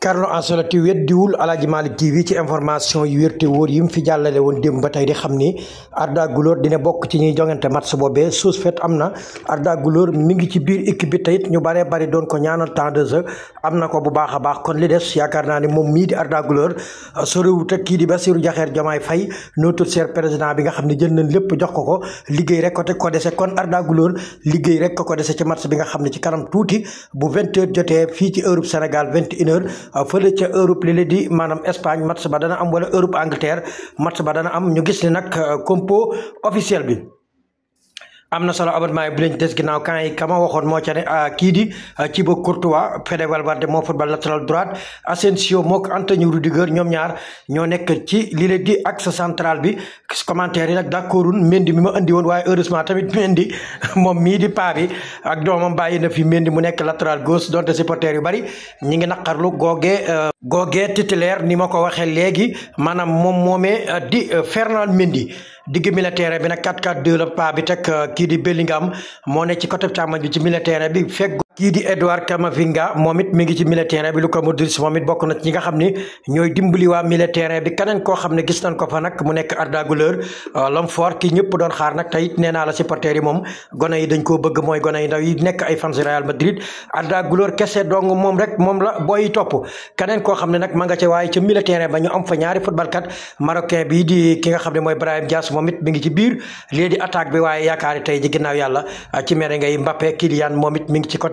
Carlo Ancelotti weddiwul Aladji Malick TV ci information yu wér te wóor yi mu fi jàllale woon démb ba tey di xam ni Arda Güler dina bokk ci ñuy jongante match boobee suus fet am na Arda Güler mi ngi ci biir équipe bi tey ñu baree bari doon ko ñaanal temps de jeu am na ko bu baax a baax kon li des yaakaar naa ne moom mii di Arda Güler uh, soriwut ak kii di Bassirou jaxeer Diomaye fay notre cher président bi nga xam ne jël nañ lépp jox ko ko liggéey rek ko te ko dese kon Arda Güler liggéey rek ko ko ci match bi nga xam ne ci kanam tuuti bu vingt heures jotee fii ci heure Sénégal vingt et Euh, fële ca Europe li di maanaam Espagne match ba dana am wala Europe Angleterre match ba dana am ñu gis ni nag euh, compo officiel bi am na solo abonnement yi bu leen des ginnaaw kan yi a waxoon moo ca ne ah, kii di ah, Thibaut Courtois Fede Valverde moo football latéral droite Asensio mook Antonio Rudiger ñoom ñaar ñoo nekk ci li leen di axe central bi commentaire yi nag d'accordun Mendy mi ma indi woon waaye heureusement tamit Mendy moom mii di paa bi ak doomam bàyyi na fi Mendy mu nekk latéral gauche donte supporters yu bari ñi ngi naqarlu googee euh, googee titulaire ni ma ko waxee léegi maanaam moom moomee di euh, Fernand Mendy digg militaire bi nag 4-4-2 bi teg kii di Bellingham moo ne ci côté càmmoñ bi ci militaire bi fekk. kii di Edouard Camavinga moom it mi ci milieu terrain bi Luka Modric moom bokk na ci ñi nga xam ni ñooy dimbali waa bi keneen koo xam ne gis nañ ko fa nag mu nekk Arda Güler euh, la supporters yi moom gone yi koo bëgg mooy gone yi ndaw yi nekk ay fans kese dong moom rek moom la booy topp keneen koo xam ne nag ma nga ca waaye ca milieu terrain ba ñu am fa ñaari footballkat marocain bi di ki nga xam ne mooy Brahim Diaz moom mi ngi ci biir lii attaque bi waaye yaakaar tey ji ginnaaw yàlla ci mere ngay Mbappé Kylian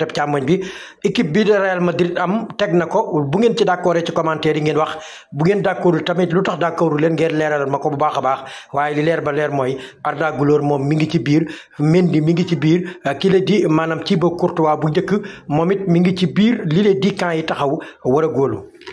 côté càmmoñ bi équipe bii de Real Madrid am teg na ko bu ngeen ci d'accordé ci commentaire yi ngeen wax bu ngeen d'accordul tamit lu tax d'accordu leen ngeen leeral ma ko bu baax a baax waaye li leer ba leer mooy Arda Güler moom mi ngi ci biir Mendy mi ngi ci biir ki la di maanaam Thibaut Courtois bu njëkk moom it mi ngi ci biir li la di camp yi taxaw war a